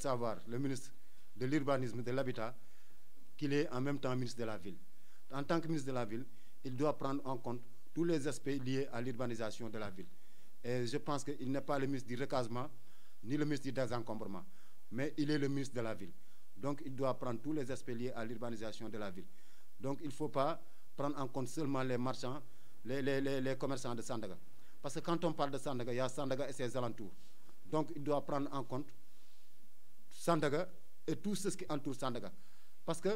savoir, le ministre de de l'habitat, qu'il est en même temps ministre de la Ville. En tant que ministre de la Ville, il doit prendre en compte tous les aspects liés à l'urbanisation de la ville. Et je pense qu'il n'est pas le ministre du recasement, ni le ministre du désencombrement, mais il est le ministre de la ville. Donc il doit prendre tous les aspects liés à l'urbanisation de la ville. Donc il ne faut pas prendre en compte seulement les marchands, les, les, les, les, commerçants de Sandaga. Parce que quand on parle de Sandaga, Sandaga et tout ce qui entoure Sandaga. Parce que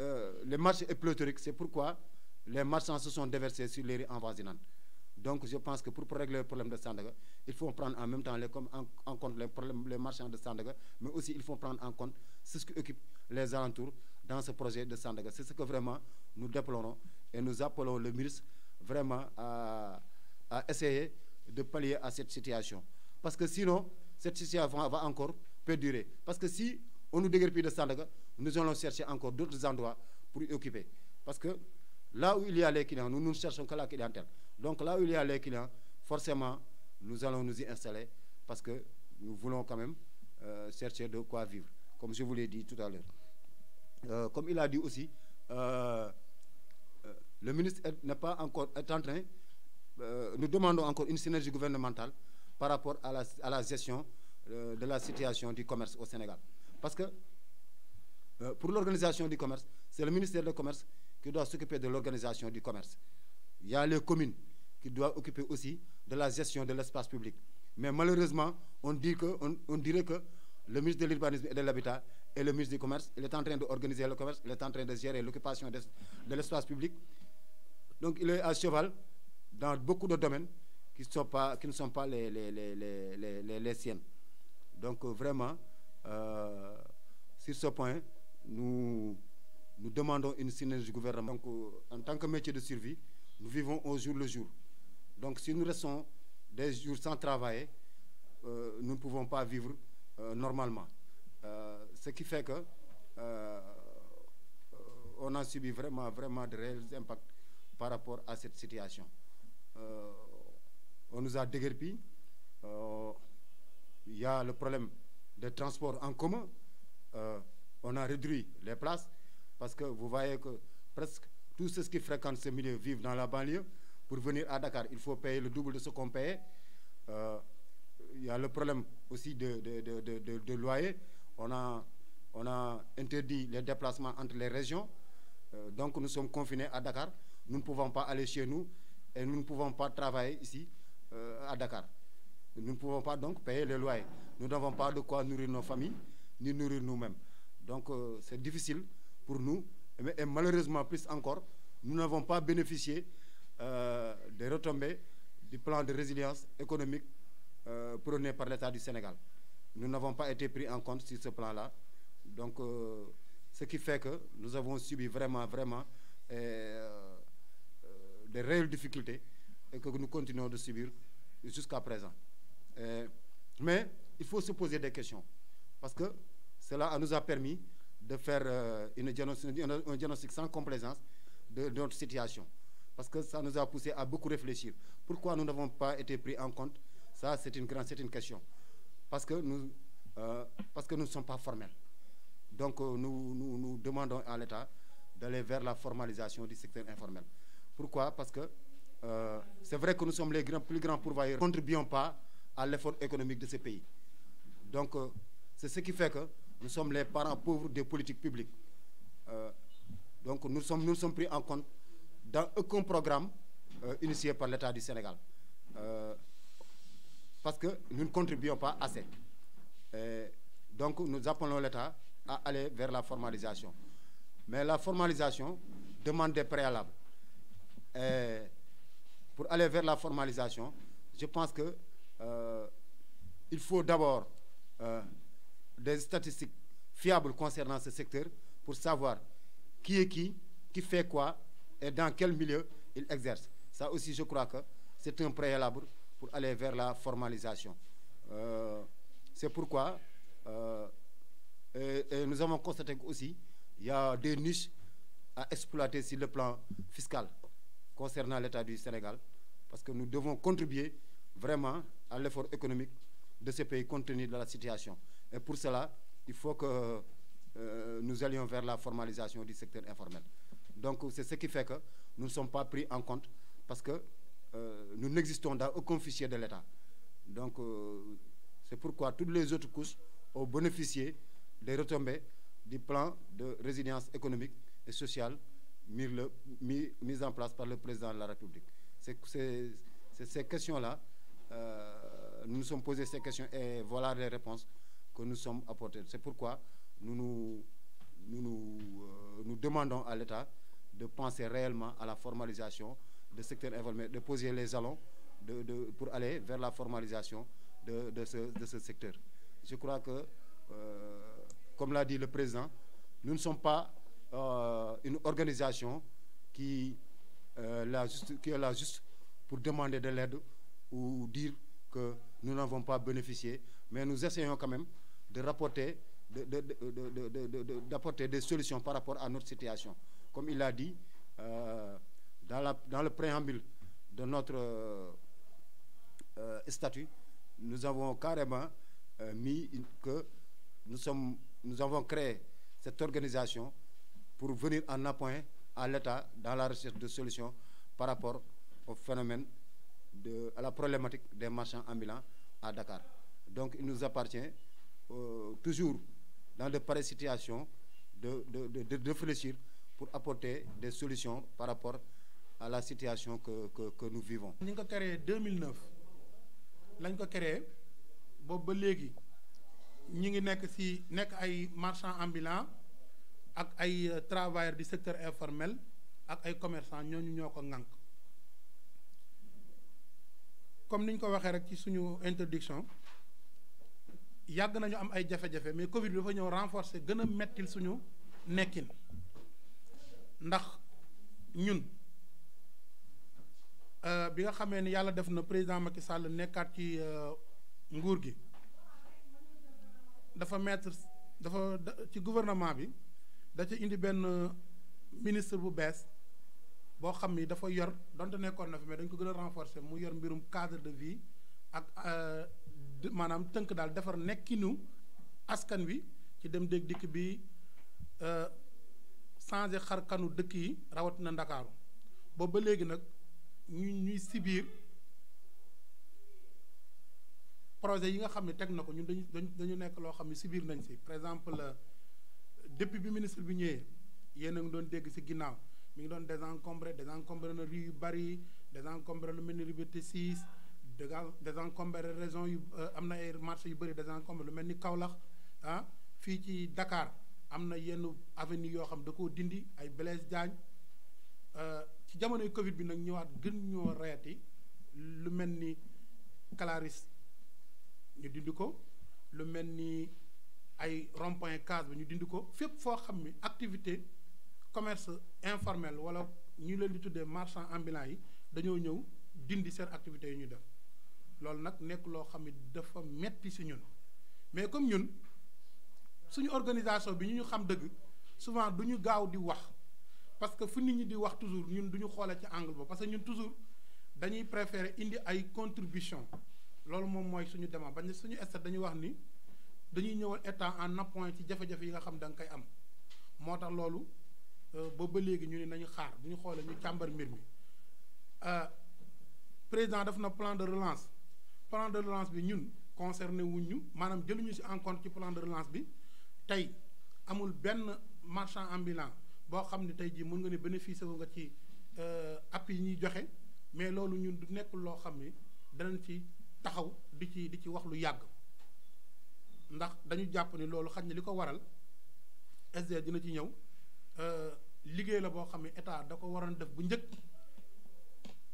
euh, les marchés est pléthorique, c'est pourquoi les marchands se sont déversés sur les rues envoisinantes. Donc je pense que pour régler le problème de Sandaga, il faut prendre en même temps les, en, en, compte les, problèmes, les marchands de Sandaga, mais aussi il faut prendre en compte ce qui occupe les alentours dans ce projet de Sandaga. C'est ce que vraiment nous déplorons et nous appelons le ministre vraiment à, à de pallier à cette situation. Parce que sinon, cette perdurer. Parce que si on nous déguerpit de Sandaga, nous allons chercher encore d'autres endroits pour y occuper. Parce que là où il y a les clients, nous, nous ne cherchons que la clientèle. Donc là où il y a les clients, forcément, nous allons nous y installer parce que nous voulons quand même euh, chercher de quoi vivre, comme je vous l'ai dit tout à l'heure. Euh, comme il a dit aussi, euh, euh le ministre n'est pas encore est en train, nous demandons encore une synergie gouvernementale par rapport à la, à la gestion Euh, de la situation du commerce au Sénégal. Parce que euh, pour l'organisation du commerce, c'est le ministère du Commerce qui doit s'occuper de l'organisation du commerce. Il les communes qui doivent occuper aussi de la gestion de l'espace public. Mais malheureusement, on, dit que, on, on dirait que le ministre de l'Urbanisme et de l'Habitat et le ministre du Commerce, il est en train d'organiser le commerce, il est en train de gérer l'occupation de, l'espace public. Donc il est à cheval dans beaucoup de domaines qui, sont pas, qui ne les, les, les, les siennes. donc euh, vraiment euh, sur ce point nous nous demandons une synergie gouvernementale. donc euh, en tant que métier de survie nous vivons au jour le jour donc si nous restons des jours sans travailler euh, nous ne pouvons pas vivre euh, normalement euh, ce qui fait que on a subi vraiment vraiment de réels impacts par rapport à cette situation on nous a déguerpi il y a le problème des transports en commun euh, on a réduit les places parce que vous voyez que presque tous ceux qui fréquentent ce milieu vivent dans la banlieue pour venir à Dakar il faut payer le double de ce qu'on payait euh, il y a le problème aussi de de de de de, de loyer on a on a interdit les déplacements entre les régions euh, donc nous sommes confinés à Dakar nous ne pouvons pas aller chez nous et nous ne pouvons pas travailler ici euh, à Dakar Nous ne pouvons pas donc payer les loyers. Nous n'avons pas de quoi nourrir nos familles, ni nourrir nous-mêmes. Donc euh, c'est difficile pour nous. Et, et, malheureusement, plus encore, nous n'avons pas bénéficié euh, des retombées du plan de résilience économique euh, prôné par l'État du Sénégal. Nous n'avons pas été pris en compte sur ce plan-là. Donc, euh, ce qui fait que nous avons subi vraiment, vraiment euh, des réelles difficultés et que nous continuons de subir jusqu'à présent. Euh, mais il faut se poser des questions parce que cela nous a permis de faire euh, une diagnostic, un diagnostic sans complaisance de, de notre situation parce que ça nous a poussé à beaucoup réfléchir. Pourquoi nous n'avons pas été pris en compte Ça, c'est une grande, c'est question. Parce que nous, euh, parce que nous ne sommes pas formels. Donc, euh, nous, nous, nous, demandons à l'État d'aller vers la formalisation du secteur informel. Pourquoi Parce que euh, c'est vrai que nous sommes les plus grands pourvoyeurs. Nous ne pas à l'effort économique de ce pays. Donc, euh, c'est ce qui fait que nous sommes les parents pauvres des politiques publiques. Euh, donc, nous sommes, nous sommes pris en compte dans aucun programme euh, initié par l'État du Sénégal. Euh, parce que nous ne contribuons pas assez. Et donc, nous appelons l'État à aller vers la formalisation. Mais la formalisation demande des préalables. Et pour aller vers la formalisation, je pense que Euh, il faut d'abord euh, des statistiques fiables concernant ce secteur pour savoir qui est qui, qui fait quoi et dans quel milieu il exerce. Ça aussi, je crois que c'est un préalable pour aller vers la formalisation. Euh, c'est pourquoi euh, et, et nous avons constaté aussi il y a des niches à exploiter sur le plan fiscal concernant l'État du Sénégal, parce que nous devons contribuer vraiment à l'effort économique de ces pays compte de la situation. Et pour cela, il faut que euh, nous allions vers la formalisation du secteur informel. Donc c'est ce qui fait que nous ne sommes pas pris en compte parce que euh, nous n'existons dans aucun fichier de l'État. Donc euh, c'est pourquoi toutes les autres couches ont bénéficié des retombées du plan de résilience économique et sociale mis, le, mis, mis en place par le président de la République. C'est ces questions-là Euh, nous nous sommes posé ces questions et voilà les réponses que nous sommes apportées. C'est pourquoi nous nous, nous, nous, euh, nous demandons à l'État de penser réellement à la formalisation de secteur informel, de poser les jalons de, de, pour aller vers la formalisation de, de, ce, de ce secteur. Je crois que, euh, comme l'a dit le président, nous ne sommes pas euh, une organisation qui, euh, la juste, juste pour demander de l'aide ou dire que nous n'avons pas bénéficié, mais nous essayons quand même de rapporter, d'apporter de, de, de, des solutions par rapport à notre situation. Comme il l'a dit, euh, dans, la, dans, le préambule de notre euh, statut, nous avons carrément euh, que nous, sommes, nous avons créé cette organisation pour venir en appoint à l'État dans la recherche de solution par rapport au phénomène de, à la problématique des marchands ambulants à Dakar. Donc il nous appartient euh, toujours, dans de pareilles situation de, de, de, réfléchir pour apporter des solutions par rapport à la situation que, que, que nous vivons. Nous avons créé 2009. Nous avons créé, boobu ba léegi ñu ngi nekk ci nekk ay marchands ambulants ak ay euh, travailleurs du secteur informel ak ay commerçants ñooñu ñoo ko ŋànk comme ni ñu ko waxee rek ci suñu introduction yàgg nañu am ay jafe-jafe mais Covid bi dafa ñëw renforcer gën a mettil suñu nekkin ndax ñun euh, bi nga xamee ni yàlla def na président Macky Sall nekkaat ci euh, nguur gi dafa mettre dafa ci gouvernement bi da ca indi benn euh, ministre bu bees boo xam ni dafa yor donte nekkoon na fi mais dañ ko gën a renforcer mu yor mbirum cadre de vie ak euh, maanaam tënk daal defar nekkinu askan wi ci dem dégg dikk bi euh, changé xar kanu dëkk yi rawatina ndakaaru boobu ba léegi nag ñu ñuy sibiir projet yi nga xam ne teg na ko ñun dañu dañu nekk loo xam ne sibiir nañ si par exemple euh, depuis bi ministre bi ñëwee yéen a ngi doon dégg si ginnaaw mu ngi doon désencombré désencombré na rue yu bëri désencombré lu mel ni Liberté 6 désencombré raison yu euh, am na ay marché yu bëri désencombré lu mel ni Kaolack ah fii ci dakaar am na yenn avenue yoo xam da ko dindi ay Blaise Diagne euh, ci jamonoy Covid bi nag ñëwaat gën ñoo reeti lu mel ni Clarisse ñu dindi ko lu mel ni ay rond-point Case bi ñu dindi ko fépp foo xam ni activité. commerce informel wala ñu leen di tuddee marchand ambulant yi dañoo ñëw dindi seen activités yi ñu def loolu nag nekk loo xam ne dafa metti si ñun mais comme ñun suñu organisation bi ñu ñu xam dëgg souvent du ñu gaaw di wax parce que fu nit ñi di wax toujours ñun duñu ñu xoolee ci angle ba parce que ñun toujours dañuy préférer indi ay contribution loolu moom mooy suñu dema bañ suñu état dañuy wax ni dañuy ñëwal état en appoint ci jafe-jafe yi nga xam da nga koy am moo tax loolu Euh, boobu ba léegi ñu ne nañu xaar bu ñu xoolee ñu càmbar mbir mi euh, président def na plan de relance plan de relance bi ñun concerné wuñ ñu maanaam jëluñu ci en compte ci plan de relance bi tey amul benn marchand ambulant boo xam ne tey jii mën nga ne bénéficié wu nga ci euh, appui yi ñuy joxe mais loolu ñun du nekk loo xam ni danañ ci taxaw di ci di ci wax lu yàgg ndax dañu jàpp ni loolu xaj na li ko waral SDE dina ci ñëw. Euh, liggéey la boo xam ne état da ko waroon def bu njëkk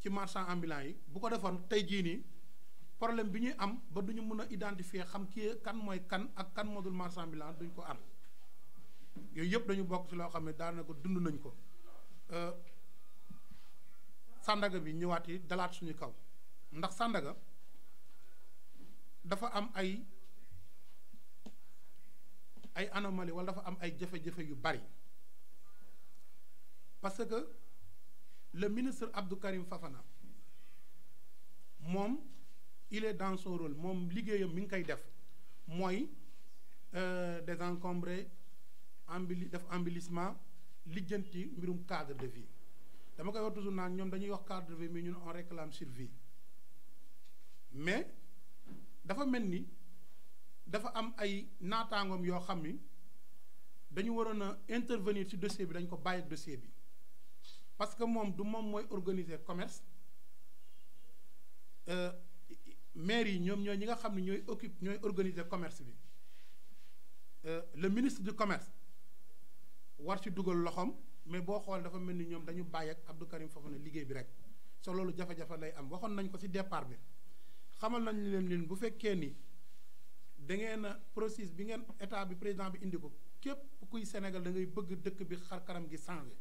ci marchand ambulant yi bu ko defoon tey jii nii problème bi ñuy am ba duñu mën a identifier xam kii kan mooy kan ak kan moo dul marchand ambulant duñ ko am yooyu yëpp dañu bokk ci loo xam ne daanaka dund nañ ko euh, sàndaga bi ñëwaati dalaat suñu kaw ndax sàndaga dafa am ay ay anomalie wala dafa am ay jafe-jafe yu bari parce que le ministre Abdou Karim Fafana moom il et dans son moom liggéeyam mi ngi koy def mooy euh, désencombré embelli def embellissement lijjanti mbirum cadre de vie dama koy wax toujours naan ñoom dañuy wax cadre de vie mais ñun on réclame survie mais dafa mel ni dafa am ay naataangoom yoo xam ni dañu waroon a intervenir ci dossier bi dañ ko bàyyi ak dossier bi parce que moom du moom mooy organiser commerce euh, maire yi ñoom ñooy ñi nga xam ne ñooy occupe ñooy organiser commerce bi euh, le ministre du commerce war ci dugal loxoom mais boo xoolee dafa mel ni ñoom dañu bàyyi ak Abdou Karim Fofana liggéey bi rek so loolu jafe-jafe lay am waxoon nañ ko ci départ bi xamal nañ leen leen bu fekkee ni da ngeen a bi ngeen état bi président bi indi ko képp kuy Sénégal da ngay bëgg dëkk bi xar kanam gi changé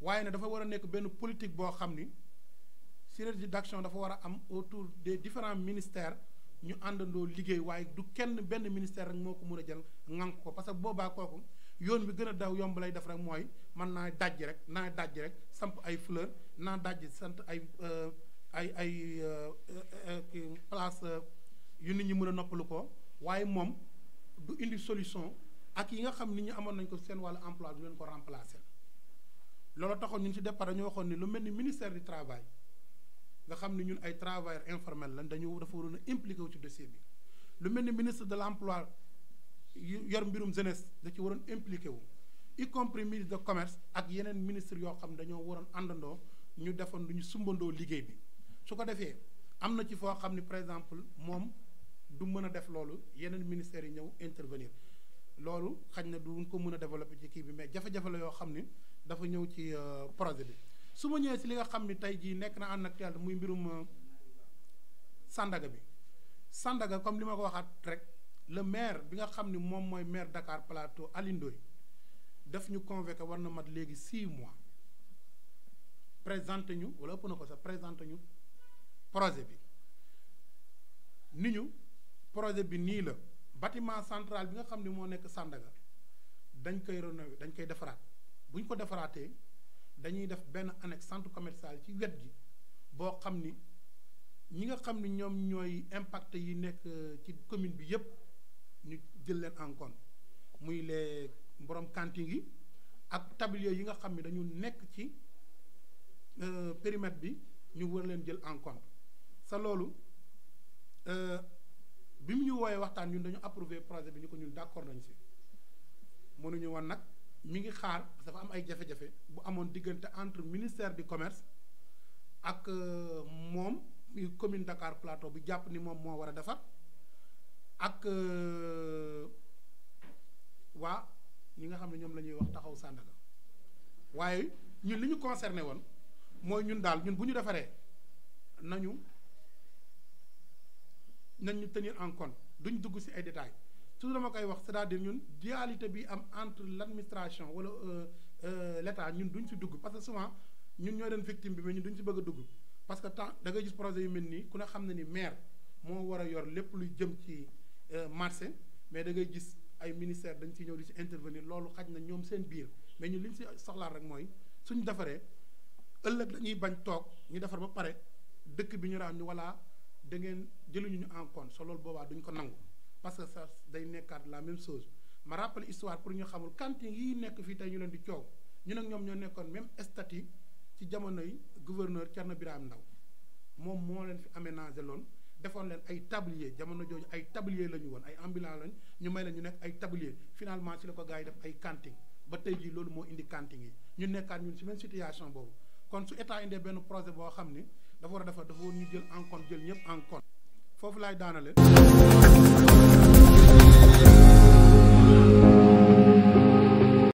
waaye ne dafa war a nekk benn politique boo xam ni synergie d'action dafa war a am autour des différents ministères ñu àndandoo liggéey waaye du kenn benn ministère rek moo ko mën a jël ŋànk ko parce que boobaa kooku yoon bi gën a daw yomb lay def rek mooy man naa dajj rek naa dajj rek samp ay fleur naa dajj sant ay euh, ay ay euh, euh, place yu nit ñi mën a noppalu ko waaye moom du indi solution ak yi nga xam nit ñi amoon nañ ko seen wàllu emploi du leen ko remplacer. loolu taxoon ñun ci départ dañoo waxoon ni lu mel ni ministère du travail nga xam ni ñun ay travailleurs informels lañ dañu dafa waroon a impliqué wu ci dossier bi lu mel ni ministre de l'emploi yor mbirum jeunesse da ci waroon impliqué wu y compris ministre de commerce ak yeneen ministre yoo xam dañoo waroon àndandoo ñu defoon lu ñu sumbandoo liggéey bi su ko defee am na ci foo xam ni par exemple moom du mën a def loolu yeneen ministères yi ñëw intervenir loolu xañ na duñ ko mën a développer ci bi mais jafe la yoo xam ni dafa ñëw ci euh, projet bi su ma ñëwee si li nga xam ni tey jii nekk na en actualité muy mbirum euh, Sandaga bi Sandaga comme li ma ko waxaat rek le maire bi nga xam ni moom mooy maire Dakar Plateau Alioune Ndoye daf ñu convoqué war na mat léegi six mois présenté ñu wala ëpp na ko sax présenté ñu projet bi ni ñu projet bi nii la bâtiment central bi nga xam ni moo nekk Sandaga dañ koy rénover dañ koy defaraat. bu ñu ko defaraatee dañuy def benn annek centre commercial ci wet gi boo xam ni ñi nga xam ni ñoom ñooy impact yi nekk euh, ci commune bi yépp ñu jël leen en compte muy les borom cantine yi ak tablier yi nga xam ni dañu nekk ci euh, périmètre bi ñu war leen jël en compte sa loolu euh, bi mu ñuy wooyee waxtaan ñun dañu approuvé projet bi ñu ko ñun d'accord nañ si mënuñu woon nag mi ngi xaar parce que dafa am ay jafe-jafe bu amoon diggante entre ministère du commerce ak euh, moom commune Dakar Plateau bi jàpp ni moom moo war a defar ak euh, waa ñi nga xam ne ñoom la ñuy wax taxaw Sandaga waaye ñun li ñu concerné woon mooy ñun daal ñun bu ñu defaree nañu nañu tenir en compte duñ dugg ci ay détails toujours dama koy wax c'est-à-dire ñun dualité bi am entre l'administration wala euh, euh, l'État ñun duñ si dugg parce que souvent ñun ñoo doon victime bi mais ñun duñ si bëgg a dugg parce que temps da ngay gis projet yu mel nii ku ne xam ne ni maire moo war a yor lépp luy jëm ci euh, marché mais da ngay gis ay ministère dañ ciy ñëw di ci intervenir loolu xaj na ñoom seen biir mais ñun li ñu si soxlaat rek mooy suñu defaree ëllëg dañuy bañ toog ñu defar ba pare dëkk bi ñu raam ñu wala da ngeen jëluñu ñu en compte so boobaa duñ ko nangu. parce que ça day nekkaat la même sos ma rappelle histoire pour ñu xamul cantine yi nekk fii tey ñu leen di coow ñu nag ñoom ñoo nekkoon même statut ci jamonoy gouverneur Thierno Birame Ndao moom moo leen fi aménagé loon defoon leen ay tablier jamono jooju ay tablier la ñu woon ay ambulance lañ ñu may leen ñu nekk ay tablier finalement ci la ko gars yi def ay cantine ba tey jii loolu moo indi cantine yi ñu nekkaat ñun ci même situation boobu kon su état indee benn projet boo xam ni dafa war a dafa war ñu jël en jël ñëpp en foofu laay daanale